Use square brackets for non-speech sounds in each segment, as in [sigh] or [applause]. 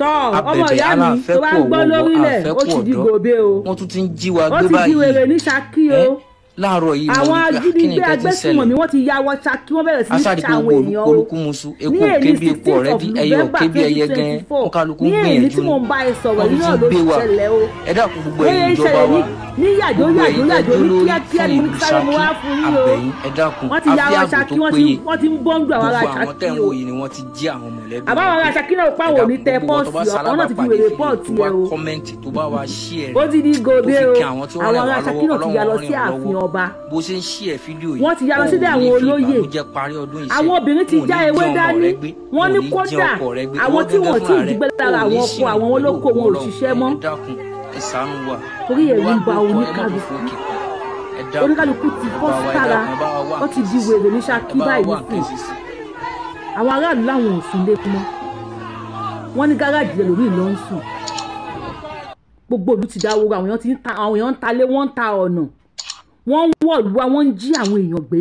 tọ́ ọmọ ìyá mi tó bá ń gbọ́ lórílẹ̀ ó ti di gòbe o wọ́n tún ti ń jí wa gbé báyìí ó ti di wèrè ní Ṣakí o láàárọ̀ yìí mo ní kí ni nǹkan ti àwọn ajínigbé agbésùnmọ̀ wọ́n ti ya wọ Ṣakí wọ́n bẹ̀rẹ̀ sí ní ṣàwọn èèyàn o ní èyí sixteen of November twenty twenty four ní èyí tí mo ń bá ẹ sọ̀rọ̀ yìí náà ló o ó yẹ ìṣẹ̀lẹ̀ yìí ní yàjò yàjò yàjò ní kíákíá ní sáré mo wá fún yín o wọ́n ti ya àwọn aṣákí wọ́n ti ń bọ́ńdù àwọn aṣákí o àbáwọn àwọn aṣákí náà pa wò ní tẹ pọ́ọ̀sì ọ̀pọ̀ náà ti fi wèrè pọ́ọ̀tì ẹ o ó ti di gòdè o àwọn aṣákí náà ti ya lọ sí ààfin ọba wọ́n ti ya lọ sílẹ̀ àwọn olóyè àwọn obìnrin ti já ewé dání wọ́n ní kódà àwọn tí wọ́n ti dìgbẹ́ lára àwọn ọkọ àwọn olóko wọn ò ṣiṣẹ́ mọ́ ìsánú wà orí ẹ̀rù ń ba oníkálukú oníkálukú ti bọ́ sára ó ti di wèrè ní Ṣakí báyìí nìkan àwọn aráàlú làwọn ò sùn lẹ́kùn mọ́ wọ́n ní gáràjì rẹ̀ lórí ìlọ́ ń sùn gbogbo ìlú ti dáwó àwọn èèyàn ti ń ta àwọn èèyàn ń talé wọ́n ń ta ọ̀nà wọ́n ń wọ̀ lùwà wọ́n ń jí àwọn èèyàn gbé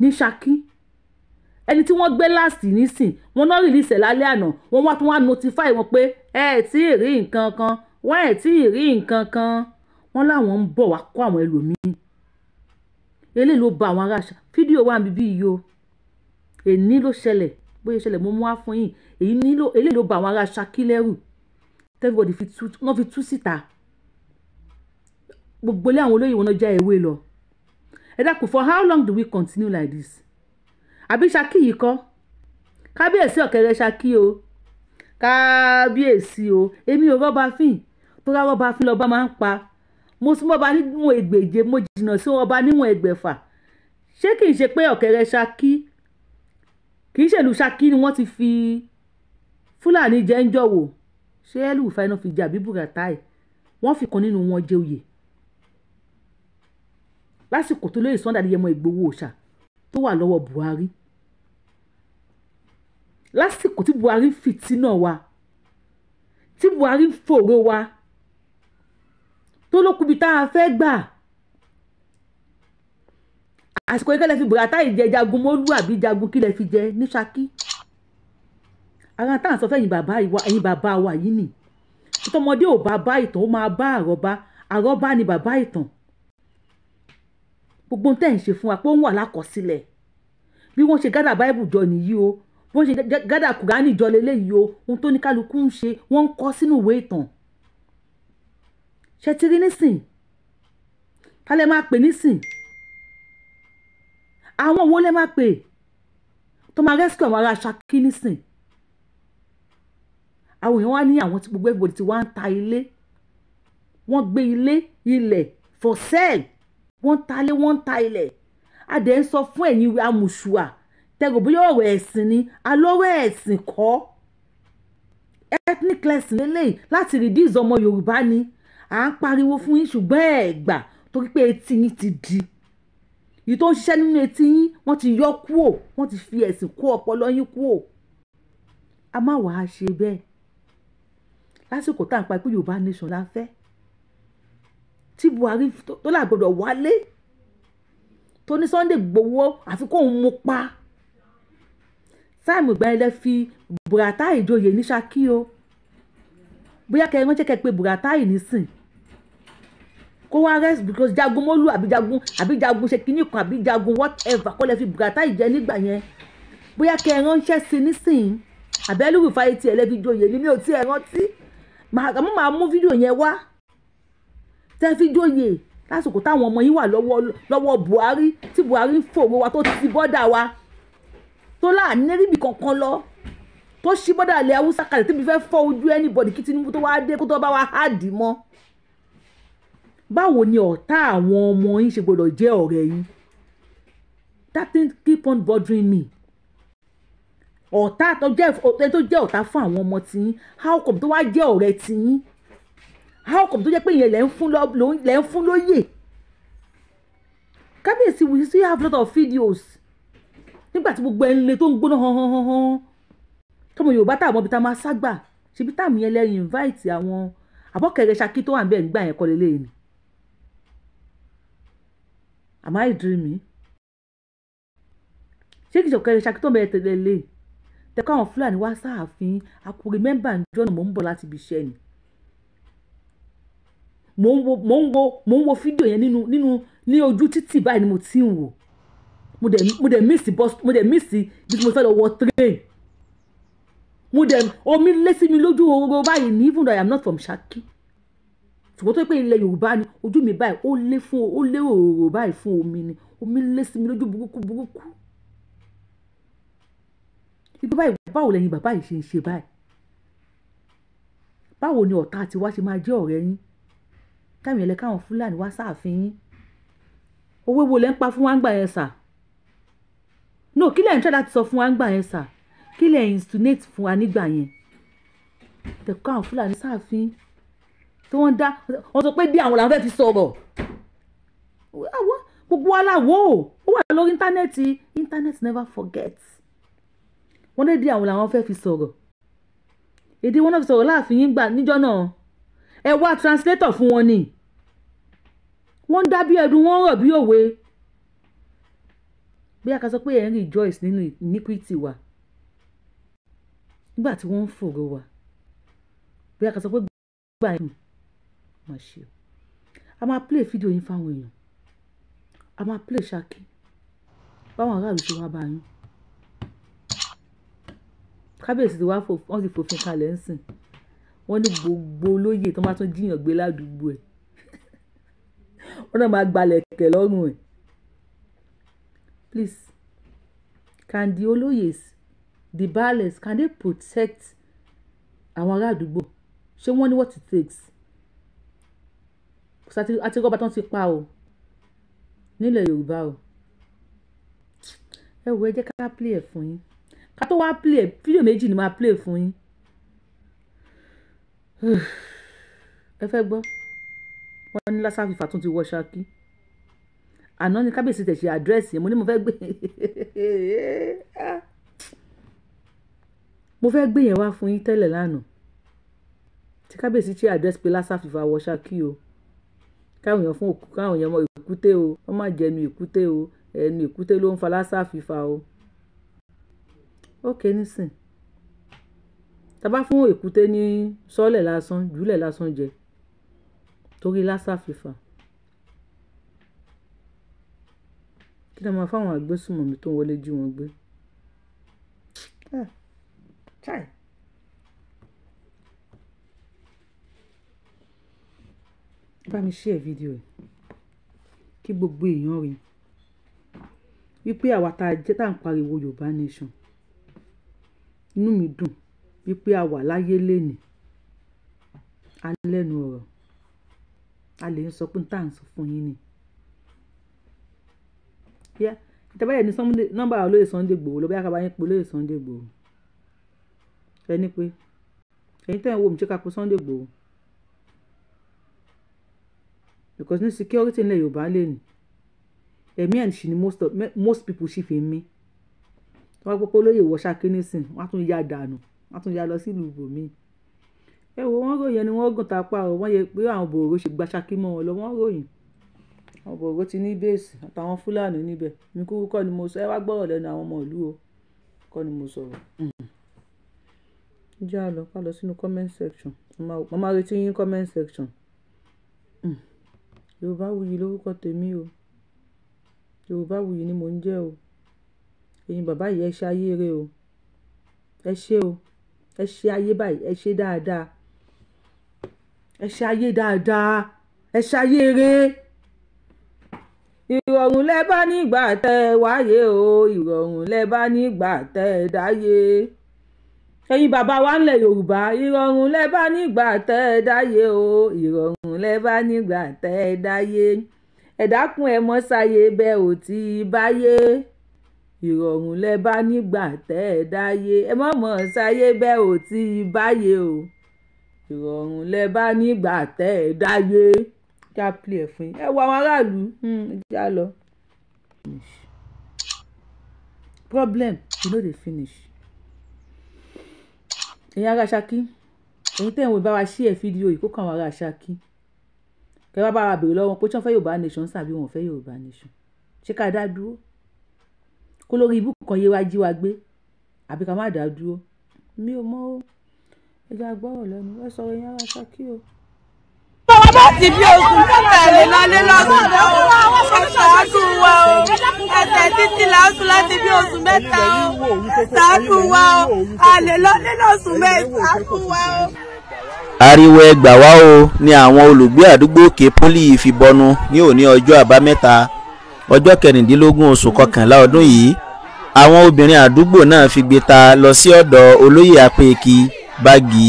ní Ṣakí ẹni tí wọ́n gbé láàsì nísìn wọ́n náà rìlíìsẹ̀ lálẹ́ àná wọ́n wá tún wá notify wọn pé ẹ ẹ̀ tí ì rí nǹkan kan wọ́n ẹ̀ tí ì rí nǹkan kan wọ́n láwọn ń bọ̀ wá kó àwọn ẹlòmíín eléyìí ló ba àwọn aráàṣà fídíò wa bíbí yìí o èní ló ṣẹlẹ̀ bóyá ṣẹlẹ̀ mo mú wá fún yín èyí nílò eléyìí ló ba àwọn aráàṣà kílẹ̀rù everybody fi tú wọ́n fi tú síta gbogbo ilé àwọn olóyè wọn náà já ewé lọ ẹ dákun for how long do we continue like this àbí Ṣakí yìí kọ́ kábíyèsí ọ̀kẹ́rẹ́ Ṣakí o kábíyèsí o èmi ò rọ́bà fíìn tó ráwọ́ bá fi lọ́ba máa ń pa mo súnmọ́ ọba níwọ̀n ẹgbẹ̀je mo jìnnà sí ọba níwọ̀n ẹgbẹ̀fà ṣé kì í ṣe pé ọ̀kẹ́rẹ́ ṣákí kì í ṣèlú ṣákí ni wọ́n ti fi fúlàní jẹ́ ń jọ̀wọ́ ṣé ẹlùfẹ́ náà fi jà bí bùràtàì wọ́n fi kan nínú wọn jẹ oyè lásìkò tó lóye Sunday Adéyẹmọ Ìgbòho Òòṣà tó wà lọ́wọ́ Buhari lásìkò tí Buhari fìtínà wa tí Buhari fòró wa tó ló kúbi tá a fẹ́ gbà àsìkò yìí kẹ́lẹ́ fi bùràtà ìjẹ jagun mólú àbí jagun kílẹ̀ fi jẹ ní Ṣakí ara tá à ń sọ fẹ́yìn bàbá ìwà ẹ̀yìn bàbá wa yìí nì tọmọdé ò bá bá ìtàn ó máa bá àrọ́bá àrọ́bá ni bàbá ìtàn gbogbo tẹ́ ń ṣe fún wa pé ó ń wà lákọsílẹ̀ bí wọ́n ṣe gádà báìbù jọ nìyí o bí wọ́n ṣe gádà kùránì jọ lélẹ́yìí o ohun tó ní kálukú ń ṣe wọ́n ń kọ́ sínú ìwé ìtàn ṣe ti rí nísìn ká lè máa pè nísìn àwọn wo lè máa pè tó máa rescue àwọn ará Ṣakí nísìn àwọn èèyàn wá ní àwọn tí gbogbo everybody ti wá ń ta ilé wọ́n gbé ilé ilẹ̀ for sale wọ́n ń ta ilé wọ́n ń ta ilẹ̀ adẹ̀ ń sọ fún ẹ̀yin amùsùà tẹ̀gọ̀ bóyá ọ̀rọ̀ ẹ̀sìn ni alọ́rọ̀ ẹ̀sìn kọ́ ethnic lesson lélẹ́yìn láti reduce ọmọ Yorùbá ni à ń pariwo fún yín ṣùgbọ́n ẹ̀ gbà torí pé etí yín ti di èyí tó ń ṣiṣẹ́ nínú etí yín wọ́n ti yọ kúò wọ́n ti fi ẹ̀sìn kó ọpọlọ yín kúò a má wàá ṣe bẹ́ẹ̀ lásìkò tá à ń pa pé Yorùbá nation la fẹ́ tí Buhari tó là wálé tó ní Sunday Igboho àfi kóun mú pa sáàmù ìgbà fi Buratai ìjòyè ní Ṣakí o bóyá kẹrin wọ́n jẹ́ kẹ́ pé Buratai nísìn kó wá rest because jagun mọ́lú àbí jagun àbí jagun ṣe kinní kan àbí jagun whatever kó lè fi bùkátà ìjẹ nígbà yẹn bóyá kẹ ẹ ránṣẹ́ sí i nísìnyí àbẹ́lú ìfàyè tiẹ̀ lẹ́bi joyè ni mi ò tiẹ̀ rántí màá máa mú fídíò yẹn wá tẹ́ fi joyè lásìkò táwọn ọmọ yìí wà lọ́wọ́ Buhari tí Buhari ń fòwò wa tó ti bọ́dà wa tó láàánú ríbi kankan lọ tó ṣí bọ́dà ilẹ̀ haúsá kalẹ̀ tí mi fẹ́ fọ́ ojú anybody kí Tinubu tó wá dé kó tó bá wa háàdì mọ́ báwo ni ọ̀tá àwọn ọmọ yín ṣe gbọdọ̀ jẹ́ ọ̀rẹ́ yín that thing keep on bothering me ọ̀tá tó jẹ́ ọ̀tá tó jẹ́ ọ̀tá fún àwọn ọmọ tiyín how come tó wá jẹ́ ọ̀rẹ́ tiyín how come tó jẹ́ pé ìyẹn lẹ́ ń fún lẹ́ ń fún lóyè kábíyèsí we still have lot of videos nígbà tí gbogbo ẹ̀ ń le tó ń gbóná han han han han tọmọ Yorùbá tá àwọn ibi tá a máa sá gbà ṣebí táàmì yẹn lẹ́yìn invite àwọn àbọ̀kẹ́rẹ́ Ṣakí tó wà ń bẹ̀ ń gbà yẹn kọ́ lélẹ́yìn ni Am I dreaming? ṣé kìí ṣọ̀kẹ́ ṣakí tó ń bẹ̀rẹ̀ tẹ̀lé lè tẹ̀kọ́ àwọn Fúlàní wá sáàfin akuri mẹ́mbà níjọ́ náà mò ń bọ̀ láti ibi iṣẹ́ ni mò ń wo mò ń wo mò ń wo fídíò yẹn nínú nínú ní ojú títì báyìí ni mo ti ń wò mo dẹ̀ mo dẹ̀ mísì bọ́s mo dẹ̀ mísì bí mo fẹ́ lọ wọ train mo dẹ̀ omi lé sí mi lójú ororo báyìí ní even though I am not from Ṣakí ṣùgbọ́n tó pé ilẹ̀ yorùbá ni ojú mi báyìí ó lé fún ó lé òòrò báyìí fún omi ni omi lé sí mi lójú burúkú burúkú ibi báyìí báwo lẹ́yìn bàbá yìí ṣe ń ṣe báyìí báwo ni ọ̀tá tiwa ṣe máa jẹ́ ọ̀rẹ́ yín táwọn yẹn lẹ káwọn fúlàní wá sáàfin yín owó wo lẹ ń pa fún wa ń gbà yẹn sà no kí lẹ́yìn tíra láti sọ fún wa ń gbà yẹn sà kí lẹ́yìn insinuate fún wa nígbà yẹn tẹ̀kọ́ àwọn fúlàní sáàfin yín tí wọ́n dá wọ́n sọ pé bí àwọn làwọn fẹ́ fi sọ̀rọ̀ gbogbo wa la wò ó ó wà lórí íńtánẹ́ẹ̀tì internet never forget wọ́n dé di àwọn làwọn fẹ́ fi sọ̀rọ̀ èdè wọn náà fi sọ̀rọ̀ láàfin yín gbà níjọ́ náà ẹ wá translator fún wọn ni wọ́n ń dá bí ẹdun wọ́n ń rọ̀ bí òwe bí a kà sọ pé ẹ̀ ń rejoice nínú iniquity wa nígbà tí wọ́n ń fòrò wa bí a kà sọ pé gbà ẹ̀ kan ṣe. A máa play fídíò yín fáwọn èèyàn. A máa play Ṣakí. Báwọn aráàlú ṣe wá bá yín. Kábíyèsí ti wá fò, wọ́n ti fòfin kalẹ̀ ń sìn. Wọ́n ní gbogbo olóyè tó máa tún jíyàn gbé ládùúgbò ẹ̀. [laughs] Wọ́n náà máa gbalẹ̀ kẹ̀ lọ́rùn ẹ̀. Please, can the olóyè, the balance, can they protect àwọn ará àdúgbò? Ṣé wọ́n ní what it takes? àti àti rọ́bà tán ti pa o nílẹ̀ Yorùbá o ẹ wo ẹ jẹ́ ká play ẹ̀ fún yín ká tó wá play ẹ̀ fídíò méjì ni máa play fún yín [sighs] ẹ fẹ́ gbọ́ wọ́n ní Lásà Fífà tún ti wọ Ṣakí àná ni kábíyèsí tẹ̀ ṣe àdírẹ́sì mo ní mo fẹ́ gbé [laughs] mo fẹ́ gbé yẹn wá fún yín tẹ́lẹ̀ lánàá tí kábíyèsí ṣe àdírẹ́sì pé Lásà wọ Ṣakí o káwọn èèyàn fún òkú káwọn èèyàn mọ èkúté o wọ́n má jẹ ẹnu èkúté o ẹnu èkúté ló ń fa lásà fífa o. ókè nísìn tàbá fún èkúté ní sọ́ọ̀lẹ̀ lásán jùlẹ̀ lásán jẹ torí lásà fífa. kí ló máa fáwọn àgbésùnmọ̀mí tó ń wọlé jí wọn gbé. Ah. Chai. bá mi share fídíò yìí kí gbogbo èèyàn rí wípé àwa tá a jẹ́ tá à ń pariwo Yorùbá nation inú mi dùn wípé a wà láyé lénìí a lẹ́nu ọ̀rọ̀ a lè sọ pé tá à ń sọ fún yín ni. Yeah ìtẹ́bẹ́yẹ̀ ní nọ́mbà olóyè Sunday Igboho ló bá yàgàbá yín pé olóyè Sunday Igboho ẹni pé ẹ̀yin tẹ́ ẹ̀ ń wo mi ṣé ká pé Sunday Igboho because no security ńlẹ̀ Yorùbá lè nì ẹ̀mí ẹ̀ ṣì ni most of most people ṣì fi mí tí wọ́n pọ́pọ́ lóye ìwọ ṣáké nísìn wọ́n á tún ya dànù wọ́n á tún ya lọ sílùú ibòmíì ẹ wo wọ́n ròyìn ẹni wọ́n gùn tapá o wọ́n yẹ pé àwọn bòòrò ṣe gba ṣáké mọ́ wọn lọ wọ́n ròyìn àwọn bòòrò ti ní bẹ́ẹ̀sì àtàwọn fúlàní níbẹ̀ mi kúrú kọ́ ni mo sọ ẹ wá gbọ́rọ̀ lẹ́nu àwọn ọmọ ìlú o kọ́ ni mo sọ̀rọ̀ jẹ́ àlọ́ ká lọ sínú comment section mo máa retí yín comment section. Mm. Yorùbáwùyí lórúkọ tèmi o. Yorùbáwùyí ni mò ń jẹ́ o. Ẹ̀yin bàbá yìí ẹ ṣe ayé rere o. Ẹ ṣé o. Ẹ ṣe ayé báyìí, ẹ ṣe dáadáa. Ẹ ṣe ayé dáadáa. Ẹ ṣe ayé rere. Ìrọ̀rùn lẹ bá nígbà tẹ wáyé o. Ìrọ̀rùn lẹ bá nígbà tẹ dáyé ẹ̀yin bàbá wa ńlẹ̀ yorùbá ìrọ̀rùn lẹ bá nígbà tẹ́ ẹ dáyé o ìrọ̀rùn lẹ bá nígbà tẹ́ ẹ dáyé ẹ̀dákun ẹ mọ́ sáyé bẹ́ẹ̀ ò tí ì báyé ìrọ̀rùn lẹ bá nígbà tẹ́ ẹ dáyé ẹ mọ́ mọ́ sáyé bẹ́ẹ̀ ò tí ì báyé o ìrọ̀rùn lẹ bá nígbà tẹ́ ẹ dáyé já pè é fún yín ẹ wo àwọn aráàlú hmm, já lọ. problem you no dey finish ẹ̀yin ará Ṣakí ẹ̀yin tẹ̀ ń wo bá wa share fídíò yìí kó kàn wá ará Ṣakí kẹ́ wá bá wa béèrè lọ́wọ́ pé ṣé wọ́n fẹ́ Yorùbá nation sàbí wọn ò fẹ́ Yorùbá nation ṣé ká dá dúró kó lórí ibú kan yé wa jí wa gbé àbí ká má dá dúró mi ò mọ̀ o agbọ́rọ̀ lẹ́nu ẹ sọ̀rọ̀ ẹ̀yin ará Ṣakí o láti bí oṣù mẹ́ta lè lọlé lọ́sùn ẹ̀ṣáájú wa o ẹsẹ̀ títí lásùn láti bí oṣù mẹ́ta o ṣáájú wa o a lè lọlé lọ́sùn mẹ́ta ṣáájú o. ariwo ẹgbà wá o ni àwọn olùgbé àdúgbò òkè poli fi bọnu ní òní ọjọ́ àbámẹ́ta ọjọ́ kẹrìndínlógún oṣù kọkànlá ọdún yìí àwọn obìnrin àdúgbò náà fi gbé ta lọ sí ọ̀dọ̀ olóyè apẹ̀kì bági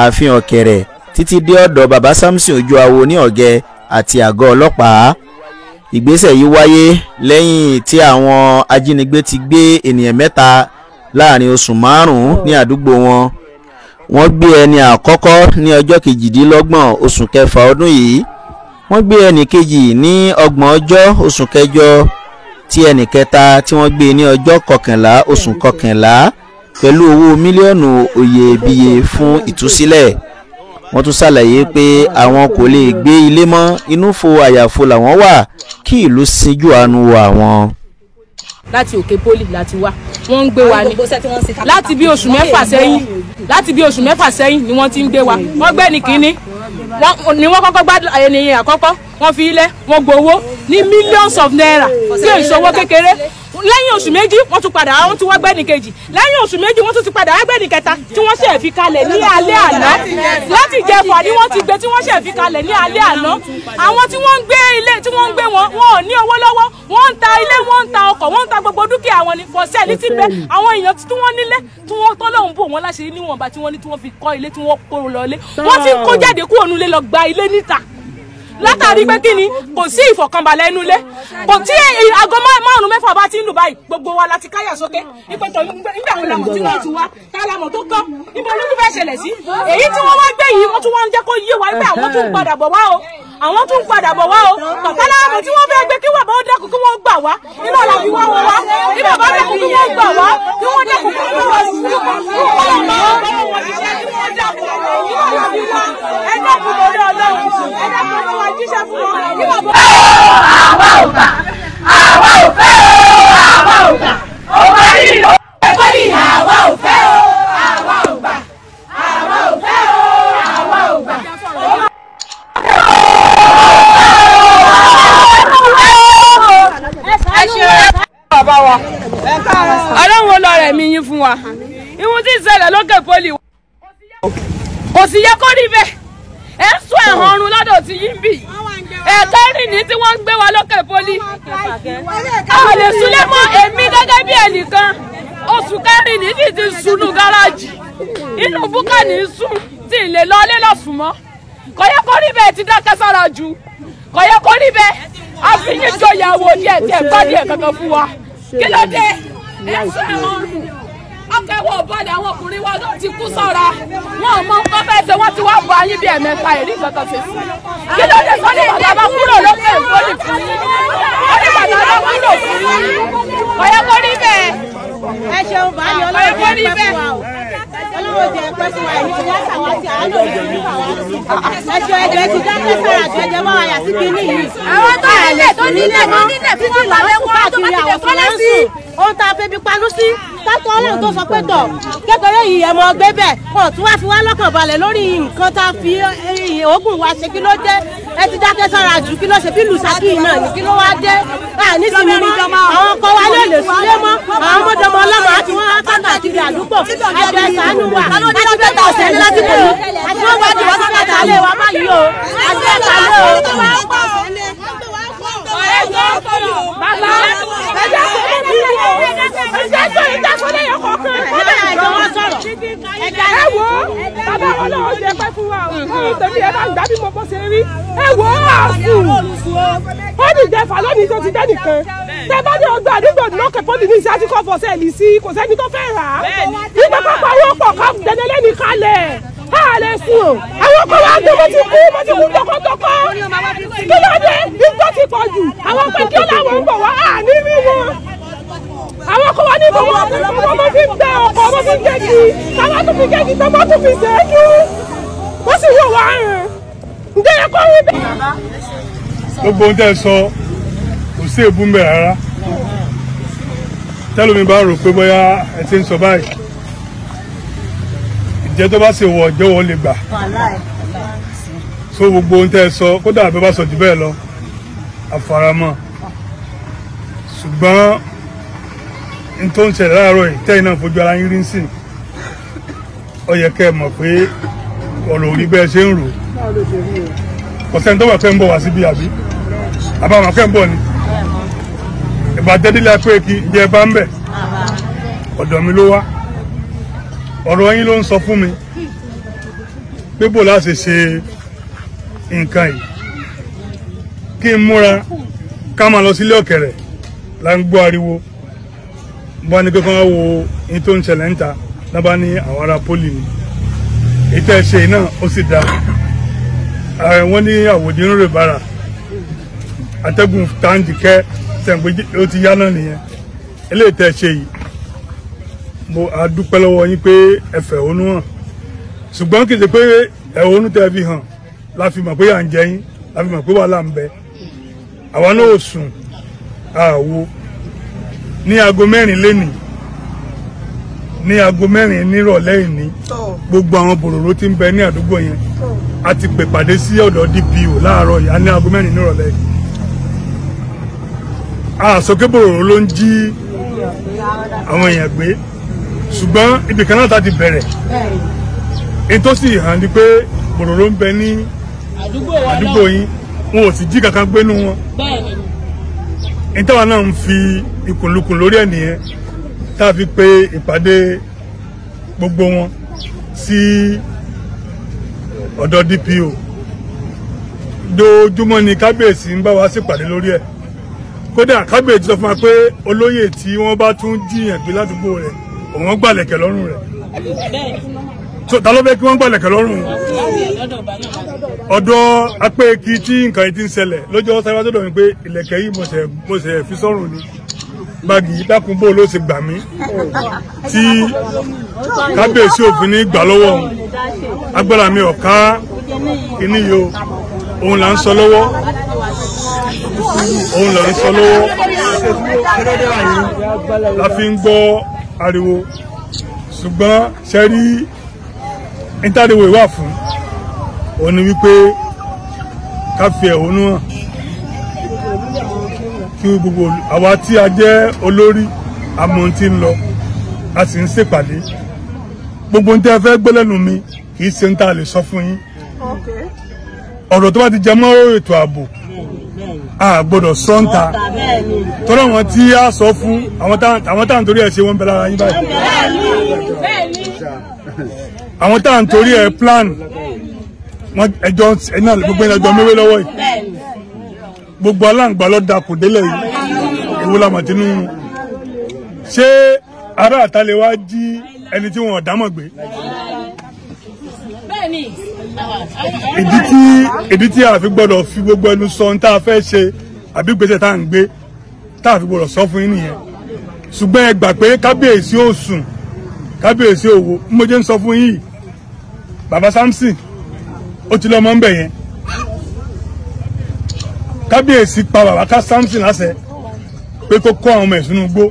ààfin ọ̀kẹ̀rẹ̀ títí dé ọ̀dọ̀ baba samson ojú awo ní ọ̀gẹ́ àti àgọ́ ọlọ́pàá ìgbésẹ̀ yìí wáyé lẹ́yìn tí àwọn ajínigbé ti gbé ènìyàn mẹ́ta láàrin oṣù márùn-ún ní àdúgbò wọn wọ́n gbé ẹni àkọ́kọ́ ní ọjọ́ kejìdínlọ́gbọ̀n oṣù kẹfà ọdún yìí wọ́n gbé ẹnì kejì ní ọgbọ̀n ọjọ́ oṣù kẹjọ tí ẹnì kẹta tí wọ́n gbé ní ọjọ́ kọkànlá oṣù kọkànlá pẹ̀lú owó mílíọ̀nù òye ibiye fún ìtúsílẹ̀ wọ́n tún ṣàlàyé pé àwọn kò lè gbé ilé mọ́ inúfo àyàfo làwọn wà kí ìlú síjú àánú wo àwọn. láti òkè poli láti wá wọ́n ń gbé wa ni láti bí oṣù mẹ́fà sẹ́yìn láti bí oṣù mẹ́fà sẹ́yìn ni wọ́n ti ń gbé wa wọ́n gbé ní kínní ni wọ́n kọ́kọ́ gbá ènìyàn àkọ́kọ́ wọ́n fi ilẹ̀ wọ́n gbowó ní millions of naira kí èso owó kékeré lẹ́yìn oṣù méjì wọ́n tún padà wọ́n tún wá gbẹ́ni kejì lẹ́yìn oṣù méjì wọ́n tún ti padà wá gbẹ́ni kẹta tí wọ́n ṣe fi kalẹ̀ ní alẹ́ àná láti jẹfà ni wọ́n ti gbé tí wọ́n ṣe fi kalẹ̀ ní alẹ́ àná àwọn tí wọ́n ń gbé ilé tí wọ́n ń gbé wọn wọn ò ní owó lọ́wọ́ wọ́n ń ta ilé wọ́n ń ta ọkọ̀ wọ́n ń ta gbogbo dúkìá wọn ni fọ̀sẹ́ ní ti bẹ àwọn èèyàn tí wọ́n nílé tí wọ́n tọ́ lọ́hùn bò wọ́n láṣẹ níwọ̀nba tí wọ́n ní tí wọ́n fi kọ́ ilé tí wọ́n kó lọ ilé wọ́n ti kó jáde kúrò nílé lọ gba ilé níta látàrí pé kí ni kò sí ìfọ̀kànbalẹ̀ inú ilé kò tí aago márùn mẹ́fà bá ti ń lù báyìí gbogbo wa láti káyà sókè ìpè tó nígbà wọn làwọn tí wọn ti wá tálámọ tó gbọ́ ibo ló tún fẹ́ ṣẹlẹ̀ sí èyí tí wọ́n wá gbé yìí wọ́n tún wá ń jẹ́ kó yé wa pé àwọn tún padà bọ̀ wá o àwọn tún padà bọ̀ wá o kọ̀kálá àmọ̀ tí wọ́n fẹ́ gbé kí bàbá ó dákun kí wọ́n gbà wá iná la fi wá wọn wá kí bàbá dákun kí wọ́n gbà wá kí wọ́n dákun kí wọ́n wá sí i kí wọ́n bá wọn wọ̀ jíṣẹ́ kí wọ́n dákun iná la fi wá ẹ dákun lórí ọlọ́run ẹ dákun lórí wa jíṣẹ́ fún wọn kí bàbá. àwa ò gbà ò poli wa kò sì yẹ kó rí bẹ́ẹ̀ ẹ sún ẹ̀hàn ọrùn lọ́dọ̀ tí yín bì ẹ̀ẹ́tọ́ rìn ní tí wọ́n ń gbé wa lókè poli a ò lè súnlé mọ́ èmi gẹ́gẹ́ bí ẹnìkan oṣù kẹrin ní sì ti sunú gáràjì inú búkà ní í sùn tí ì lè lọlé lọ́sùn mọ́ kò yẹ kó rí bẹ́ẹ̀ ti dákẹ́ sára jù kò yẹ kó rí bẹ́ẹ̀ a fi yín jọyàwó díẹ̀ díẹ̀ gbádìí ẹ̀ kankan fún wa kí ló dé ẹ̀ sún ẹ̀hàn ọrùn dákẹ́ wọn ò bọ́lẹ̀ àwọn ọkùnrin wa náà ti kú sọ́ra wọn ò mọ nǹkan fẹ́ ṣe wọ́n ti wá bọ ayé bí ẹ̀mẹ́ta ìrí nǹkan ṣe sí kí ló dé sọ ní bàbá bá kúrò lókè ìfọ́nì fún yín ó ní kúrò fún yín ọ̀yẹ́ kó rí bẹ́ẹ̀ ẹ ṣeun báyìí ọlọ́run jẹ́ pẹ́ fún wa o ọlọ́run jẹ́ pẹ́ fún wa ẹ̀yin ọjà sàwá sí àánú òjò ní bàwá ẹjọ́ ẹjọ́ ti dákẹ́ sára àti ẹjọ́ bá wa yà sí kínní yìí àwọn tó nílẹ̀ tó nílẹ̀ tó nílẹ̀ fún wọn làwọn ẹkún wa tó bá ti dẹ̀ kọ́lẹ́sì ohun tá a febi panú sí kátó ọlọ́run tó sọ pé tọ̀ kékeré yìí ẹ̀ mọ́ gbé bẹ́ẹ̀ ọ̀ tí wàá fi wá lọ́kàn balẹ̀ lórí nǹkan tá a fi eh, oògùn wa ṣe kí ló dé ẹ ti dákẹ́ sára jù kí ló ṣe bí lùsákì náà kí ló wá dé ní sinmi mọ́ àwọn ọkọ wa lè lè sílé mọ́ àwọn ọmọdọmọ ọlọ́mọ àti wọn káàkiri àdúgbò ẹgbẹ́ sànù wa láti bẹ́ẹ̀ tà ọ̀sẹ̀ láti pè é àti wọ́n wá di sọ́kàtà lé wa báyìí o àti bẹ́ẹ̀ tà lé o ẹjọ́ Ọlọ́run jẹ fún wa o Ọlọ́run tẹbi ẹ bá gbà bí mo bọ ṣe rí ẹ wo àfù pọ́nì jẹfà lónìí tó ti jẹ́ tẹ bá ní ọgbà àdúgbò lọ́kẹ́ pọ́nì ní ìṣáájú kọ́ fọ́ sẹ́ẹ̀lì sí kò sẹ́ni tó fẹ́ rà á nígbà pápá owó pọ̀ ká dẹ́nẹ́lẹ́ni kalẹ̀ a lè sùn o àwọn kan wá gbé mo ti kú mo ti kú tọkọtọkọ kí ló dé igbó ti pọ̀ jù àwọn kan kí làwọn ń bọ̀ wá a ní rí wọn àwọn kan wá ní gbogbo ọmọ mo fi ń gbé ọkọ̀ mo fi ń gégi táwọn tó fi gégi tó bá tó fi ṣẹ́jú ó sì wọ̀ wá rìn ǹjẹ́ ẹ kọ́ rí bẹ́ẹ̀. gbogbo ohun tẹ́ ẹ sọ kò sí èébú ń rárá tẹ́lómi bá rò pé bóyá ẹ ti ń sọ báyìí jẹ́ tó bá ṣe wọ ọjọ́ wo lè gbà so gbogbo ohun tẹ́ ẹ sọ kódà bẹ́ẹ̀ bá sọ jù bẹ́ẹ̀ lọ àfaramọ́ ṣùgbọ́n n tó ń ṣẹlẹ̀ láàárọ̀ yìí tẹ́yìn náà fojú ara yín rí sí ọ yẹ kẹ́ ẹ mọ̀ pé ọ̀rọ̀ òrí bẹ́ẹ̀ ṣe ń rò ọ̀sẹ̀ tó wà pé ń bọ̀ wá síbi àbí àbámọ̀ pé ń bọ̀ ni ìbàdẹ́dílé apẹ́ kí ìjẹ́ bá ń bẹ̀ ọ̀dọ̀ mi ló wá. ọ̀rọ̀ yín ló ń sọ fún mi pé bò láti ṣe nǹkan yìí kí n múra ká máa lọ sílé la ń ariwo bá ní kankan wo tó ń ṣẹlẹ̀ ń ta lábá ní àwọn poli ni ìtẹ́ ṣe náà ó sì wọ́n ní rè bára atẹ́gùn táǹdì kẹ́ ó ti yá náà nìyẹn eléyìí ṣe yìí mo a dúpẹ́ lọ́wọ́ yín pé ẹ fẹ̀hónú hàn ṣùgbọ́n kì í ṣe pé ẹ̀hónú tẹ́ fi hàn la fi mọ̀ pé à ń jẹ yín la fi mọ̀ pé wàhálà ń bẹ àwa náà ò sùn àwo ní aago mẹ́rin lẹ́nì ní aago mẹ́rin nírọ̀lẹ́ ìní gbogbo àwọn bòròró tí ń bẹ ní àdúgbò yẹn a ti pè pàdé sí ọ̀dọ̀ DPO láàárọ̀ yìí a ní aago mẹ́rin nírọ̀lẹ́ yìí àsọkébòròró ló ń jí àwọn èèyàn gbé ṣùgbọ́n ibì kan náà ta ti bẹ̀rẹ̀ èyí tó sì hàn ni pé bòròró ń bẹ ní àdúgbò yín wọn ò sì jí kankan gbénú wọn èyí táwa náà ń fi ìkùnlùkùn lórí ẹ̀ nìyẹn tá a fi pe ìpàdé gbogbo wọn sí ọ̀dọ̀ DPO dojúmọ́ ni kábíyèsí ń bá wa sípàdé lórí ẹ̀ kódà kábíyèsí sọ fún wa pé olóyè tí wọ́n bá tún jiyàn gbé ládùúgbò rẹ̀ òun gbàlẹ̀kẹ̀ lọ́rùn rẹ̀ so ta ló fẹ́ kí wọ́n gbàlẹ̀kẹ̀ lọ́rùn ọ̀dọ̀ apẹ́ẹ̀kì tí nǹkan yìí ti ń ṣẹlẹ̀ lọ́jọ́ sábà tó dọ̀ mí pé ìlẹ̀kẹ̀ yìí mo ṣe fi sọ́rùn ni gbàgì yìí dákun bó ló ṣe gbà mí tí kábíyèsí òfin ní gbà lọ́wọ́ òun agbára mi ọ̀ká kíní òun là ń sọ lọ́wọ́ òun là ń sọ lọ́wọ́ la fi ń gbọ́ ariwo ṣùgbọ́n ṣe rí ìtàdéwò ìwà fún òun ni wípé ká fi ẹ̀hónú hàn kí gbogbo àwa tí a jẹ́ olórí àmọ́ ń lọ a sì ń ṣèpàdé gbogbo ní tẹ́ fẹ́ gbọ́ lẹ́nu mi kì í ṣe ń tà lè sọ fún yín ọ̀rọ̀ tó bá ti jẹ mọ́ ètò ààbò a gbọ́dọ̀ sọ́ńtà tọ́lọ́ wọn tí a sọ fún àwọn tá à ń torí ẹ̀ ṣe wọ́n bẹ̀rẹ̀ ara báyìí àwọn tá à ń torí ẹ̀ plan wọn ẹjọ́ ẹ̀yìn náà gbogbo ẹ̀jọ́ mẹ́wé lọ́wọ́ yìí gbogbo aláǹgbá ló da kò délẹ̀ yìí èwo la mọ̀ tínú ṣé ará àtàlẹ́ wa jí ẹni tí wọn ò dámọ̀ gbé ìdí tí ìdí tí a fi gbọ́dọ̀ fi gbogbo ẹnu sọ ohun tá a fẹ́ ṣe àbí gbèsè tá à ń gbé tá a fi gbọ́dọ̀ sọ fún yín nìyẹn ṣùgbọ́n ẹ gbà pé kábíyèsí ò sùn kábíyèsí òwò mo jẹ́ ń sọ fún yín bàbá Samson ó ti lọ mọ́ ń bẹ̀ yẹn kábíyèsí pa bàbá ká Samson láṣẹ pé kó kó àwọn ọmọ ẹ̀ sínú igbó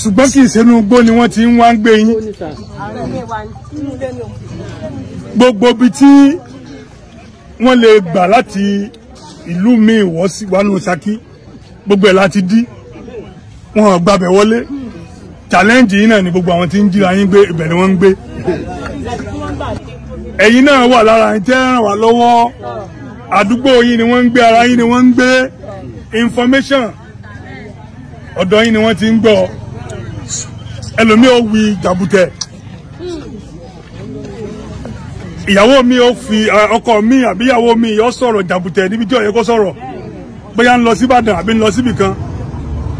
ṣùgbọ́n kì í ṣe inú igbó ni wọ́n ti ń wá ń gbé yín gbogbo ibi tí wọ́n lè gbà láti ìlú míì wọ́ sí wánú Ṣakí gbogbo ẹ̀ láti dí wọn gbàbẹ̀ wọlé challenge yìí náà ni gbogbo àwọn tí ń jíra yín gbé ibẹ̀ ni wọ́n ń gbé ẹ̀yin náà wà lára yín tẹ́ ràn wá lọ́wọ́ àdúgbò yín ni wọ́n ń gbé ara yín ni wọ́n ń gbé information ọ̀dọ̀ yín ni wọ́n ti ń gbọ́ ẹlòmíì ó wí jàbùtẹ̀ ìyàwó mi ó fi ọkọ mi àbí ìyàwó mi yọ sọ̀rọ̀ jàbùtẹ̀ níbi tí ó yẹ kó sọ̀rọ̀ bóyá ń lọ sí Ìbàdàn àbí ń lọ síbì kan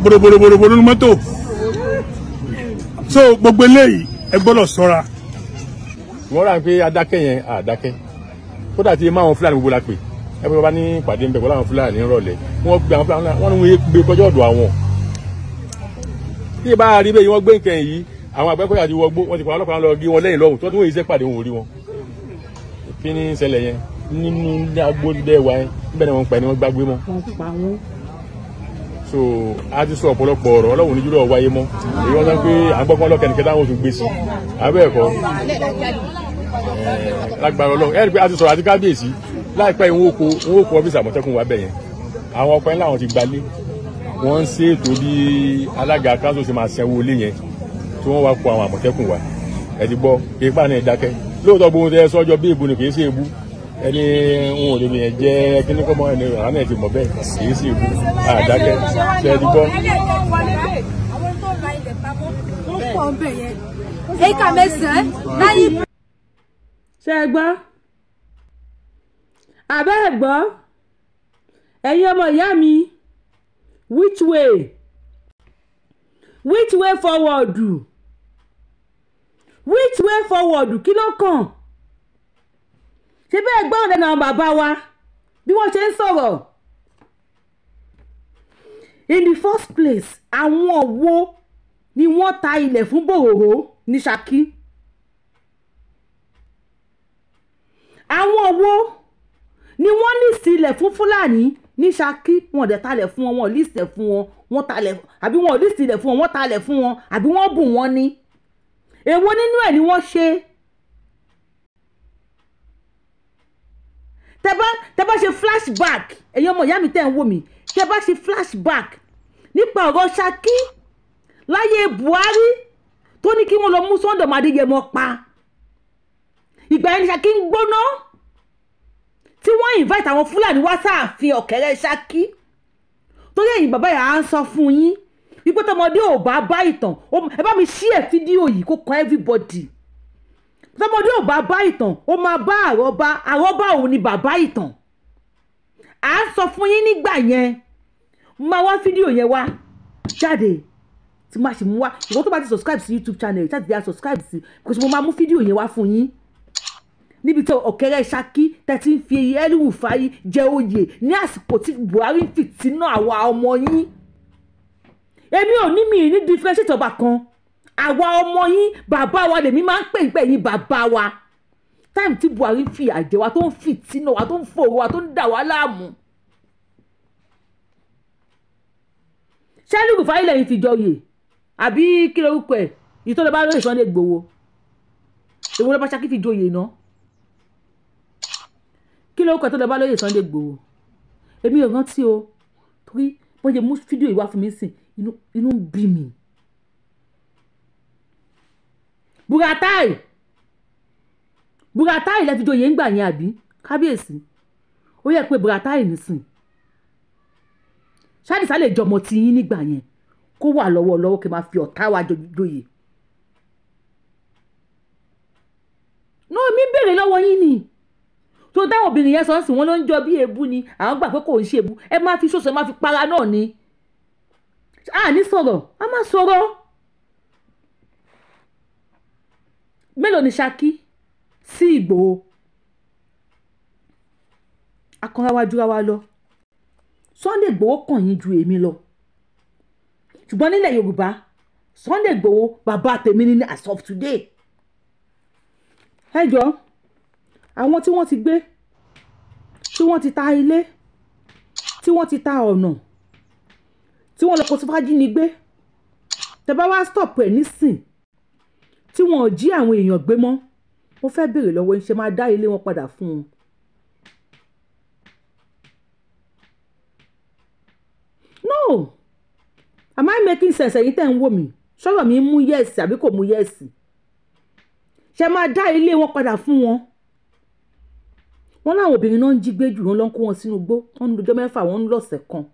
bòròbòròbòròbòrò ní mọ́tò so gbogbo eléyìí ẹ gbọ́dọ̀ ṣọ́ra. wọ́n rà pé adákẹ́ yẹn àdákẹ́ kódà tí máa wọn Fúlàní gbogbo la pè ẹ bí wọ́n bá ní ìpàdé ńbẹ̀ wọ́n láwọn Fúlàní rọ̀lẹ́ wọ́n gbé àwọn Fúlàní wọ́n ní wọ́n gbé kọjá ọ̀dọ̀ àwọn. tí ì bá rí bẹ́ẹ̀ wọ́n gbé nǹkan yìí àwọn àgbẹ̀kọ̀yà ti wọgbó wọ́n ti pa ọlọ́pàá lọ gé wọn lẹ́yìn lọ́wọ́ tó tún kí ni ṣẹlẹ̀ yẹn nínú ní agbódé wa yẹn níbẹ̀ ni wọ́n pa ni wọ́n gbàgbé mọ́. wọ́n pa wọ́n. so a ti sọ ọ̀pọ̀lọpọ̀ ọ̀rọ̀ ọlọ́run níjú lọ́wọ́ wáyé mọ́ èyí wọ́n sọ pé à ń gbọ́kàn lọ́kẹ́ nìkẹ́ táwọn oṣù gbé sí abẹ́ ẹ̀kọ́ lágbára ọlọ́run ẹ̀rí pé a ti sọ̀rọ̀ àti kábíyèsí láìpẹ́ ìwọ́n oko ìwọ́n oko ọ́fíìsì àmọ̀tẹ́kùn wa bẹ̀yẹn àwọn ọkọ̀ ńlá àwọn ti gbalé wọ́n ń ṣe ètò bí alága council ṣe máa sanwó ilé yẹn tí wọ́n wá kó àwọn àmọ̀tẹ́kùn wa ẹ ti gbọ́ ipa náà dákẹ́ lóòótọ́ gbogbo tẹ sọ́jọ́ bí èbú ni kì í ṣe èbú ẹni ń wò yẹn jẹ́ kíní kọ́mọ ẹni rẹ̀ àná ti mọ̀ bẹ́ẹ̀ kì í ṣe èbú àdákẹ́ ṣe é ti ṣe é gbọ́ àbẹ́ ẹ̀ gbọ́ ẹ̀yin ọmọ ìyá mi which way which way forward. Do? which way forward kí ló kàn ṣe bẹ́ẹ̀ gbọ́n lẹ́nu àwọn bàbá wa bí wọ́n ṣe ń sọ̀rọ̀ in the first place àwọn wo ni wọ́n ta ilẹ̀ fún bòròró ní Ṣakí àwọn wo ni wọ́n lísì ilẹ̀ fún Fúlàní ní Ṣakí wọn dẹ̀ talẹ̀ fún wọn wọn lísì ilẹ̀ fún wọn wọn talẹ̀ àbí wọn lísì ilẹ̀ fún wọn wọn talẹ̀ fún wọn àbí wọn bù wọn ni èwo nínú ẹ̀ ni wọ́n ṣe. tẹ́bá tẹ́bá ṣe flashback ẹ̀yin ọmọ ìyá mi tẹ́ ń wò mí tẹ́bá ṣe flashback nípa ọ̀rọ̀ Ṣakí láyé Buhari tó ní kí wọ́n lọ mú Sunday Adéyẹmọ pa ìgbà yẹn ni Ṣakí ń gbóná tí wọ́n invite àwọn Fúlàní wá sáàfin ọ̀kẹ́rẹ́ Ṣakí torí ẹ̀yin bàbá yà á ń sọ fún yín wípé tọmọdé ò bá bá ìtàn ẹ bá mi share fídíò yìí kó kọ́ everybody tọmọdé ò bá bá ìtàn ó máa bá àrọ́bá àrọ́bá òun ni bàbá ìtàn à ń sọ fún yín nígbà yẹn máa wá fídíò yẹn wá jáde tí máa ṣe mú wá ìwọ tó bá ti subscribe sí youtube channel ìtàtí bí a subscribe sí because mo máa mú fídíò yẹn wá fún yín níbi tí ọ̀kẹ́rẹ́ ṣákí tẹ́tí ń fi ẹlẹ́wù fáyí jẹ́ oyè ní àsìkò tí buhari ń fìtínà àwa ọmọ yín èmi ò ní mi ní differentiate ọba kan àwa ọmọ yín bàbá wa lèmi máa ń pè ń pè yín bàbá wa táìmù tí Buhari fi àjẹ wa tó ń fìtínà wa tó ń fòrò wa tó ń dà wá láàmú. sẹ́lú Rufai lẹ́yìn ti jọyè àbí kí ló rúkọ ẹ̀ yìí bá lóye Sunday Igboho èwo ló bá Ṣakí fi jọyè náà kí ló rúkọ ẹ̀ bá lóye Sunday Igboho èmi ò rántí o torí wọ́n ṣe mú fídíò ìwà fún mi sìn You know, you know, mi Buratai Buratai lẹ́tijọ́ yẹn ń gbà yẹn àbí kábíyèsí ó yẹ pé Buratai nìsín ṣáàdìsá lè jọmọ tí yín nígbà yẹn kó wà lọ́wọ́ lọ́wọ́ kí n máa fi ọ̀tá wa joyè náà mi béèrè lọ́wọ́ yín ni tó dáhùn obìnrin yẹn sọ ń sìn wọ́n ló ń jọ bí èébú ni àwọn gbà pé kò ń ṣe èébú ẹ má fi ṣòṣò má fi para náà ni. Ah, a ní sọ̀rọ̀ a má sọ̀rọ̀ mélòó ni Ṣakí sí Ìgbòho akọ́rawájúra wa lọ Sunday Ìgbòho kàn yín ju èmi lọ ṣùgbọ́n nílẹ̀ Yorùbá Sunday Ìgbòho bàbá tèmi ni as of today ẹ jọ àwọn tí wọ́n ti gbé tí wọ́n ti ta ilé tí wọ́n ti ta ọ̀nà. No tí wọ́n lọ kó tó fájínigbé tẹ bá wá stop ẹ̀ nísìn tí wọ́n jí àwọn èèyàn gbé mọ́ mo fẹ́ béèrè lọ́wọ́ ṣe máa dá ilé wọn padà fún un. no am I making sense ẹ̀yin tẹ́ ń wò mí sọ̀rọ̀ mi mú yẹ́ẹ̀sì àbí kò mú yẹ́ẹ̀sì ṣe máa dá ilé wọn padà fún wọn. wọ́n láwọn obìnrin náà ń jí gbé jù wọn lọ́n kó wọn sínú igbó wọ́n ń lọ́jọ́ mẹ́fà wọ́n ń lọ́sẹ̀ kan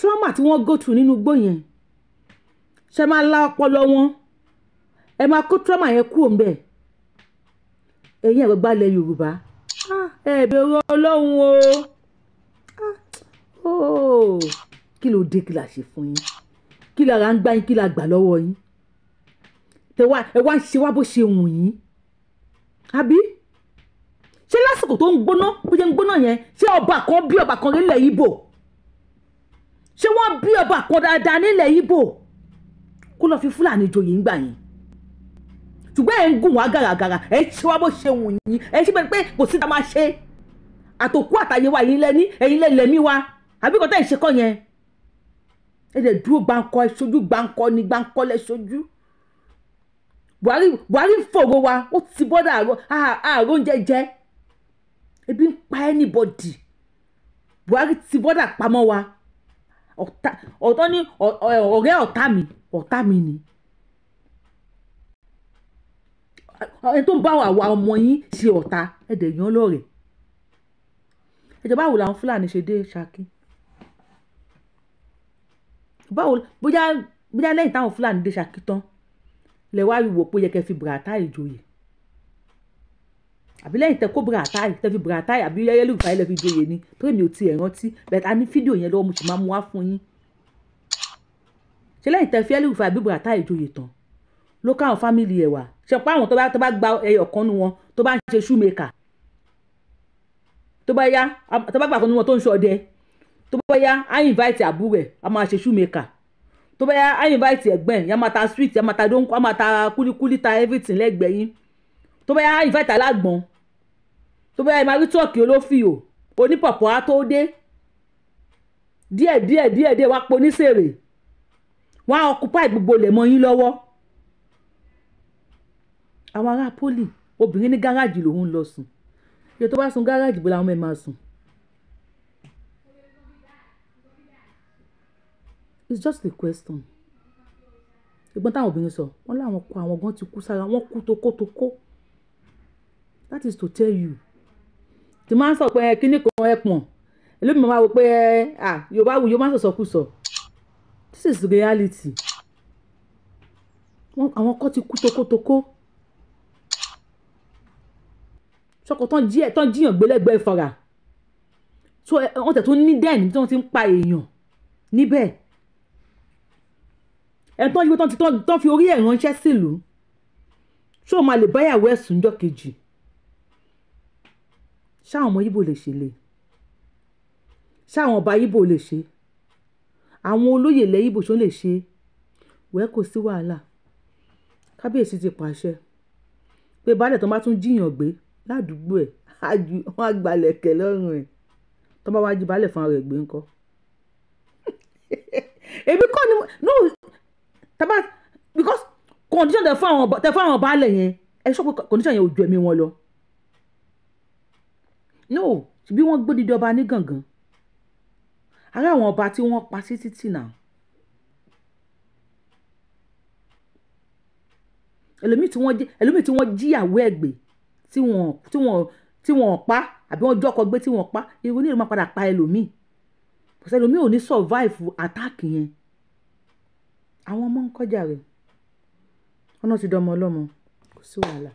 trauma tí wọ́n go through nínú igbó yẹn ṣe máa la ọpọlọ wọn ẹ máa kó trauma yẹn kúrò ńbẹ̀ ẹ̀yin àgbàgbà ilẹ̀ Yorùbá ah, ẹ bẹ̀rù Ọlọ́run o ah, oh. kí ló dé kí la ṣe fún yín kí la ra ń gbá yín kí la gbà lọ́wọ́ yín ẹ wá ń ṣe wá bó ṣe wù yín àbí ṣé lásìkò tó ń gbóná bó ṣe ń gbóná yẹn ṣé ọba kan bí ọba kan rí lẹ̀ Ìgbò ṣé wọ́n bí ọba kan dáadáa nílẹ̀ Ìgbò kó lọ́ọ́ fi Fúlàní joyè ń gbà yín ṣùgbọ́n ẹ̀ ń gùn wá gàràgàrà ẹ̀ ṣe wá bó ṣe wù yín ẹ̀ ṣe bẹ́ẹ̀ pé kò sí ta máa ṣe àtòkú àtàyè wa ẹ̀yin lẹ́ni ẹ̀yin lẹ́lẹ́mí wa àbí kò tẹ́ ẹ̀ ṣe kọ́ yẹn ẹ̀ dẹ̀ dúró gbáǹkọ ẹ̀ ṣojú gbáǹkọ ni gbáǹkọ lẹ̀ ṣojú Buhari Buhari wa ó ti bọ́dà àárọ̀ oúnjẹ jẹ ebi ń pa anybody Buhari ti bọ́dà pamọ́ wa ọ̀tá ọ̀tọ́ ní ọ̀rẹ́ ọ̀tá mi ọ̀tá mi ni. ẹni tó ń bá àwa ọmọ yín ṣe ọ̀tá ẹ̀dẹ̀ yan lọ́rẹ̀. ẹ̀jẹ̀ báwo làwọn fúlàní ṣe dé Ṣakí? báwo bóyá bóyá lẹ́yìn táwọn fúlàní dé Ṣakí tán lẹ wá wò pé yẹ kẹ́ fi bùràtà ìjòyè àbí lẹ́yìn tẹ kó buratai tẹ fi buratai àbí yẹ́yẹ́lì rúfà ilẹ̀ fi joyè ni torí mi ò tiẹ̀ rántí bẹ́ẹ̀ ta ní fídíò yẹn lọ́wọ́ mo sì máa mú wá fún yín ṣe lẹ́yìn tẹ fi yẹ́yẹ́lì rúfà àbí buratai joyè tán ló káwọn fámìlì ẹ̀ wà ṣe pa àwọn tó bá tó bá gba ẹyọ kan nu wọn tó bá ń ṣe ṣúmẹ́kà tó bá yá tó bá gbà kan nu wọn tó ń ṣọdẹ tó bá yá á invite àbúrò ẹ̀ á máa ṣe ṣúmẹ́kà tó bá yá á invite ẹ̀gbọ́n yá máa ta sweet yá á máa ta kúlíkúlí ta everything lẹ́gbẹ̀ẹ́ yín tó bá yá invite alágbọ̀n tó bá yá ìmọ̀ arítọ́ọ̀kì olófìyò onípọ̀pọ̀ á tó dé díẹ̀ díẹ̀ díẹ̀ díẹ̀ wá poníṣèrè wọ́n á occupy gbogbo yín lọ́wọ́ àwọn ará poli obìnrin ní gáràjì lòun lọ sùn iye tó bá sun gáràjì bó làwọn ọmọ sùn. it's just a question ìgbọ́n táwọn obìnrin sọ wọ́n láwọn kọ àwọn gan ti kú sára wọ́n kú tókótókó that is to tell you tí máa ń sọ pé kíní kan ẹpọ̀n ẹlẹ́mi máa wò pé eh, ah yorùbá wù yóò máa sọ̀sọ̀ kù this is reality àwọn kan ti kú tokótokó sọkọ tán jí ẹ tán jíyàn gbélẹ́gbẹ́ ìfara so wọ́n tẹ̀ tó ní dẹ́ẹ̀nì tí wọ́n ti ń pa èèyàn níbẹ̀ ẹ̀ tán yí pé tán fi orí ẹ̀ ránṣẹ́ sílùú ṣó o máa lè báyàwó ẹ̀sùn jọ́ kejì ṣáwọn ọmọ Ìgbò lè ṣe lè ṣáwọn ọba Ìgbò lè ṣe àwọn olóyè ilẹ̀ Ìgbò ṣó lè ṣe wẹ́ẹ́ kò sí wàhálà kábíyèsí ti pàṣẹ pé baálẹ̀ tó bá tún jíyàn gbé ládùúgbò ẹ̀ wọ́n á gbalẹ̀ kẹ̀ lọ́rùn ẹ̀ tó bá wá jí baálẹ̀ fún ara ẹ̀ gbé ńkọ́ [laughs] èmi kọ́ ni no taba because condition tẹ fún àwọn baálẹ̀ yẹn ẹ sọ pé condition yẹn ò ju ẹ̀mí wọn lọ no ṣebí wọ́n gbó dídí ọba ní gàngán ará àwọn ọba tí wọ́n pa sí títì náà ẹlòmíì tí wọ́n jí ẹlòmíì tí wọ́n jíyàwó ẹ̀gbẹ́ tí wọ́n tí wọ́n tí wọ́n pa àbí wọ́n jọ́kọ gbé tí wọ́n pa irun ní ìlú máa padà pa ẹlòmíì kò sẹ́lòmíì ò ní survive attack yẹn àwọn ọmọ ń kọjá rẹ̀ ọ̀nà ti dọmọ ọlọ́mọ kò sí wàhálà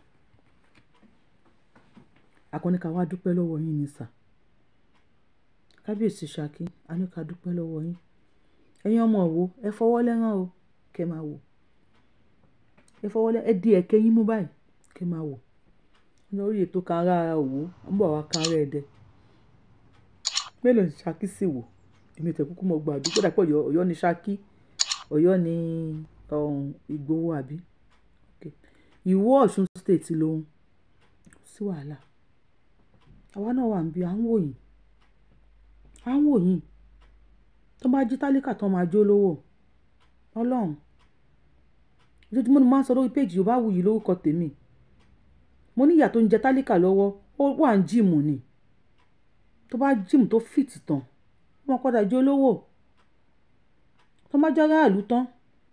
àkànníkà wa dúpẹ́ lọ́wọ́ yín ni sà kábíyèsí Ṣakí àníkà dúpẹ́ lọ́wọ́ yín ẹ̀yin ọmọ wo ẹ fọwọ́ lẹ́rán o kẹ́ máa wò ẹ fọwọ́ lẹ́rán ẹ di ẹ̀kẹ́ yín mú báyìí kẹ́ máa wò lórí ètò kan ara ara òwò ń bọ̀ wá kan ara ẹ̀dẹ mélòó ni Ṣakí sì wò èmi tẹ̀ kúkú mọ̀ gbàdúrà kódà pé Ọ̀yọ́ ni Ṣakí Ọ̀yọ́ ni um, Ìgbòho àbí ìwọ Ọ̀ṣun state lòun sí wàhálà àwa náà wà níbí à ń wò yín à ń wò yín tó bá jí tálíkà tó máa jó lówó ọlọ́run ojoojúmọ́ ni mo máa ń sọ lórí péjì yorùbá wuyì lórúkọ tèmi mo ní ìyà tó ń jẹ tálíkà lọ́wọ́ ó wà ń jíìmù ni tó bá jíìmù tó fìtì tán ó máa padà jó lówó tó bá jẹ́ aráàlú tán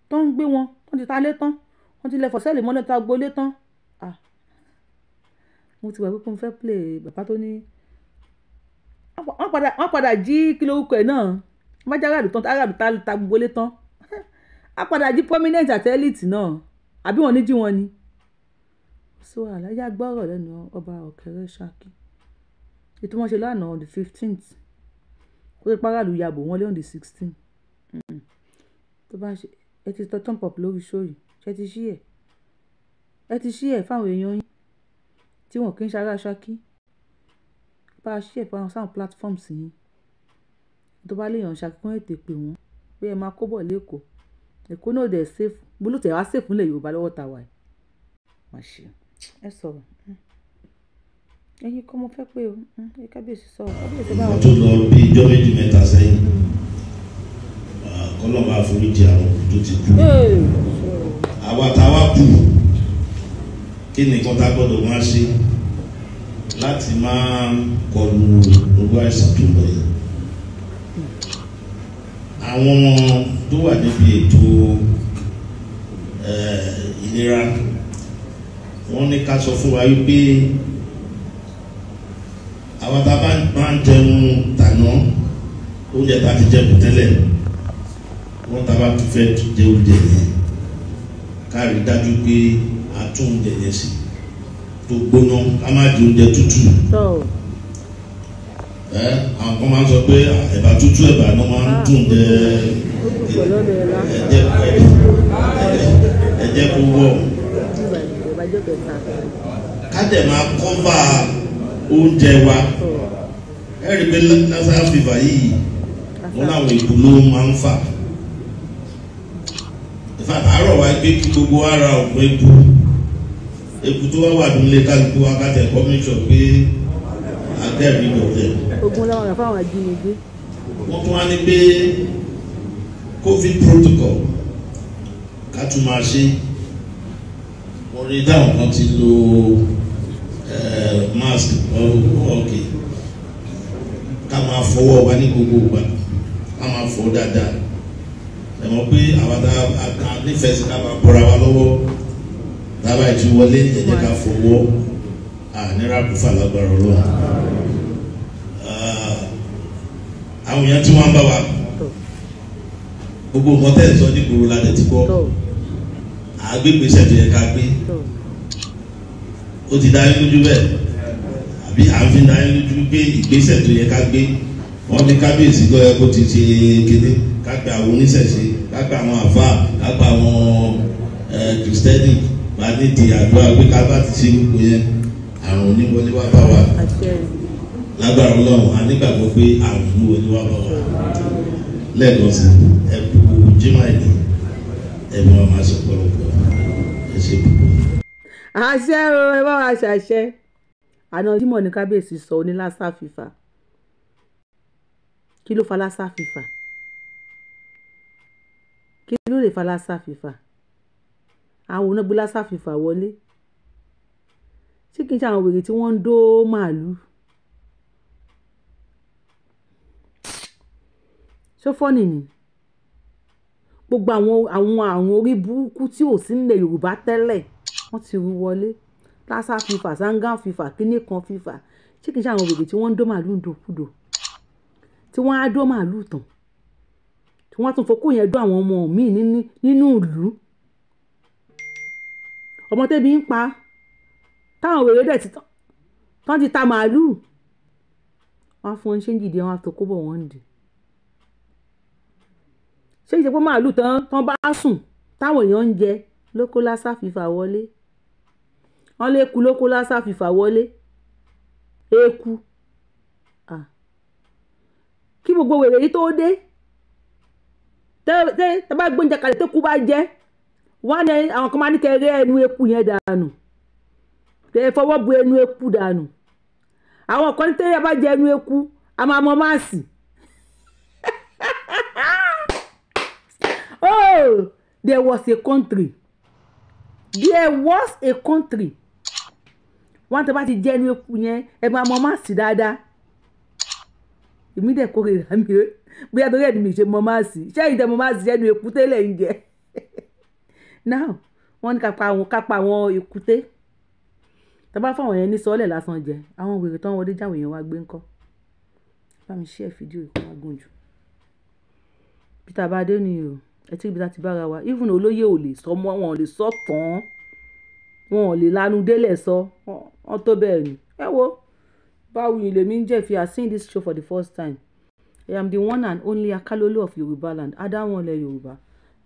tó ń gbé wọn tó ń ti talé tán wọ́n ti lẹ̀ fọ̀sẹ́ẹ̀lì mọ́lẹ̀ tá gbolé tán ah mo ti wà pé mo fẹ́ play bàbá tó ní wọ́n padà wọ́n padà jí kí lórúkọ ẹ̀ náà wọ́n jẹ́ aráàlú tán aráàlú ta ta gbogbo lé tán wọ́n [laughs] padà jí prominent àti elite náà àbí wọ́n ní jí wọn ni. so àlàyé agbọ́rọ̀ lẹ́nu ọba ọ̀kẹ́rẹ́ ṣákì ètò wọn ṣe lánàá on the fifteenth kó tó paráàlú yabò wọn lé on the sixteenth mm-hmm. tó bá ṣe ẹ ti tọ́ tọ́ǹpọ̀pù lórí ṣó yìí ṣe ti ṣí ẹ̀ ẹ ti ṣí ẹ̀ fáwọn èèyàn yín tí wọn kì í ṣará ṣákí bá a ṣe ìfọwọ́n sáwọn platforms yìí tó bá lè yàn ṣákí kí ètè pè wọ́n pé ẹ máa kó bọ̀ lẹ́kọ̀ọ́ èkó náà dẹ̀ safe bólú wá safe nílẹ̀ Yorùbá lọ́wọ́ ta wà yìí má ṣe ẹ sọ̀rọ̀ ẹ̀yin kọ́ mo fẹ́ pé o ẹ kábíyèsí sọ̀rọ̀ kábíyèsí bá wà. tó lọ bí ijọ́ méjì mẹ́ta sẹ́yìn kọ́lọ́ máa foríjì àwọn tó ti kú àwa táwa kù kí ni kọ́tà gbọ́dọ̀ máa ṣe láti máa kọlu gbogbo àìsàn tó lọ yìí. àwọn tó wà níbi ètò eh, ìlera wọ́n ní ká sọ fún wa wípé àwọn tá a bá ń jẹun tàná oúnjẹ tá a ti jẹ kù tẹ́lẹ̀ wọ́n tá a bá tún fẹ́ jẹ oúnjẹ káàrí dájú pé a tún oúnjẹ yẹn sí tó gbóná ká má di oúnjẹ tútù ẹ àwọn kan máa ń sọ pé ẹ̀bà tútù ẹ̀bà náà máa ń dùn jẹ ẹ̀jẹ̀ ẹ̀jẹ̀ kó wọ̀ ká dẹ̀ máa kọ́fà oúnjẹ wa ẹ̀rí pé lásán fìfà yìí wọn làwọn ìbò ló máa ń fà bàbá rọ̀ wá pé kí gbogbo wa ra ògùn eku eku tó wá wà nílé kálukú wa ká tẹ̀ kọ́míṣọ̀ pé agẹ́rì ló tẹ̀. ogun làwọn rẹ̀ fáwọn ajínigbé. wọ́n tún wá ní pé covid protocol ká tún máa ṣe wọ́n rí dáhùn kan ti lo eh, mask ọ̀ọ́kì oh, ká máa fọwọ́ wa ní gbogbo ìgbà ká máa fọ dáadáa ẹ mọ̀ pé àwọn tá a nífẹ̀ẹ́ sí ká máa bọ́ra wa lọ́wọ́ tábà ìtú wọlé ẹ̀jẹ̀ ká fowó ànírà kúfà lágbára ọlọ́run ah, àwọn èèyàn tí wọ́n ń bá wa gbogbo nǹkan tẹ̀ ní gbòòrò la dẹ̀ ti gbọ́ àgbègbè ṣẹ̀tù yẹ ká gbé ó ti dá yín lójú bẹ́ẹ̀ àbí à ń fi dá yín lójú pé ìgbésẹ̀ tó yẹ ká gbé wọ́n ní kábíyèsí gbọ́ kó ti ṣe kéde kágbà àwọn oníṣẹ̀ṣe kágbà àwọn àfa kágbà àwọn kristẹni bá ní ti àdúrà pé ká bá ti ṣe gbogbo yẹn àrùn oníwọlé wá bá wa lágbára ọlọ́run a nígbàgbọ́ pé àrùn oníwọlé wá bá wa lẹ́ẹ̀kan sí ẹ̀kú jimá ìlú ẹ̀mí wa máa ṣe pọ̀lọpọ̀ ẹ ṣe púpọ̀. àṣẹ o ẹ bá wa ṣàṣẹ àná jimoh ní kábíyèsí sọ onílàsà fífà kí ló fa làsà fífà kí ló lè fa lassa fever àwọn wo náà gbé lassa fever wọlé ṣé kì í ṣe àwọn wèrè tí wọ́n ń dó màálùú ṣó fọ́nì ni gbogbo àwọn àwọn àwọn orí burúkú tí ò sí nílẹ̀ Yorùbá tẹ́lẹ̀ wọ́n ti rú wọlé lassa fever sangan fever kíní kan fever ṣé kì í ṣe àwọn wèrè tí wọ́n ń dó màálùú dòkúdò tí wọ́n á dó màálùú tán tí wọ́n á tún fokó yẹn dún àwọn ọmọ míì nínú ìlú ọmọ tẹ́bi ń pa táwọn wèrè dẹ̀ ti tán ti ta màálùú wọ́n á fún wọn ṣé ń jìdí wọn á tó kó bọ̀ wọ́n dì ṣé ìṣe pé màálùú tán tán bá sùn táwọn èèyàn ń jẹ lóko lásà fìfà wọlé wọ́n lè ku lóko lásà fìfà wọlé eku kí gbogbo wèrè yìí tó dé tẹ tẹ bá gbóúnjẹ kalẹ̀ tó kú bá jẹ wọn ní àwọn kan máa ní kẹrẹ ẹnu eku yẹn dànù tẹ fọwọ́ bu ẹnu eku dànù àwọn kan ní tẹyẹ bá jẹ ẹnu eku a máa mọ máàsì [laughs] oh there was a country there was a country wọn tẹ bá ti jẹ ẹnu eku yẹn ẹ máa mọ máàsì dáadáa èmi dẹ̀ kórè rà mí bóyá torí ẹ̀ ni mi ṣe mọ máàsì ṣé ìdẹ mọ máàsì ṣẹ́nu èkúté lẹ̀ ń jẹ [laughs] now wọ́n ní kápá àwọn èkúté tọ́ba fáwọn yẹn ní sọ́ọ́lẹ̀ lásán jẹ àwọn wèrè tán wọlé jáwé yẹn wá gbé ńkọ́ bá mi ṣe fídíò ìkọ́ agùn jù Peter Abade ni o ẹtí ibi tá ti bára wa even olóyè ò lè sọ mọ wọn ò lè sọ tán wọn ò lè lanu délẹ̀ sọ wọn tó bẹ́ẹ̀ ni ẹ wo báwo ni lèmi ń jẹ́ if you are seeing this show for the first time I am the one and only Akálólú of Yoruba land Adáwọ̀nlẹ̀ Yorùbá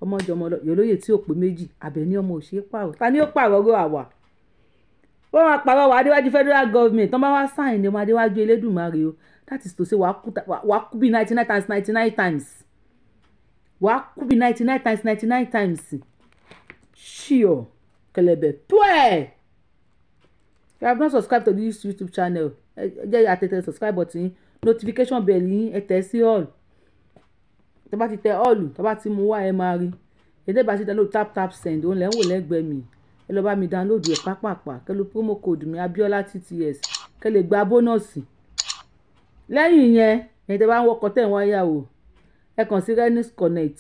ọmọjọmọ yòlóyè tí ò pé méjì Àbẹ̀ní ọmọ òṣèré pààrọ̀ ta ni ó pààrọ̀ ró àwà wọ́n máa pààrọ̀ wà Adéwájú federal government tán bá wá sáìn ní ọmọ Adéwájú Elédùmarè o that is to say wàá kú bí ninety nine times ninety nine times wàá kú bí ninety nine times ninety nine times ṣíọ kẹlẹbẹ tó if you have not subscribed to this YouTube channel ẹ jẹ́ àtẹ̀tẹ̀ subscribe button notification bell yín ẹ tẹ̀ sí all tó bá ti tẹ all tó bá ti mú wá ẹ máa rí èdè bá ti download tap tap send òun lẹ́ ń wò lẹ́gbẹ̀ẹ́ mi ẹ lọ́ọ́ bá mi download ẹ̀ pápápá kẹ́ promo code mi abiola tts kẹ́ lè gba bónọ́ọ̀sì lẹ́yìn yẹn ẹ̀yin tẹ́ bá ń wọkọ̀ tẹ̀ ń wáyà o ẹ kàn sí renis connect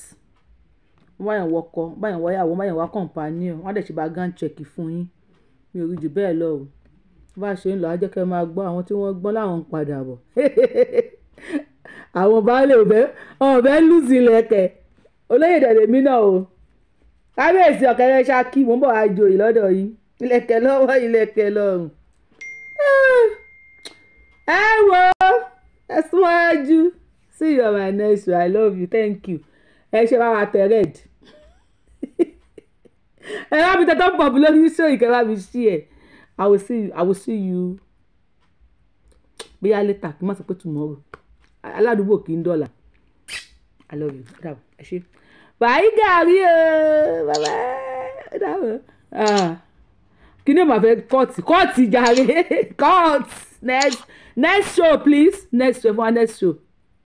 wọ́n báyàn wọkọ̀ báyàn wáyà wọ́n báyàn wá kọ̀ǹpá ní ọ̀ wọ́n á dẹ̀ ṣe bá gan check fún yín mi ò rí jù bẹ́ẹ̀ lọ bá ṣe ń lọ á jẹ́ kẹ́ máa gbọ́ àwọn tí wọ́n gbọ́n láwọn ń padà bọ̀ [laughs] àwọn baálé ọ̀bẹ ọ̀bẹ lùsì lẹ́kẹ̀ olóyè dẹ̀lẹ́mí náà o kábíyèsí ọ̀kẹ́rẹ́ ṣákì mò ń bọ̀ àjòyè lọ́dọ̀ yìí ilẹ̀kẹ̀ lọ́wọ́ ilẹ̀kẹ̀ lọ́rùn [sighs] ẹ wo ẹ súnmọ́jú see you my next one i love you thank you ẹ ṣe bá wa tẹ [laughs] ẹ bá mi tẹ pọ̀ bí lórí ṣó ìkẹ́ bá mi ṣí ẹ̀. I will see you I will see you bóyá later kí n má sọ pé tomorrow aládùúgbò kì í dọ̀là I love you dàbọ̀ ẹ ṣe bàyí gàrí o bàbá dàbọ̀ ah. kí ni màá fẹ́ kọ́ọ̀tì kọ́ọ̀tì jàre kọ́ọ̀tì next next show please next show for next show.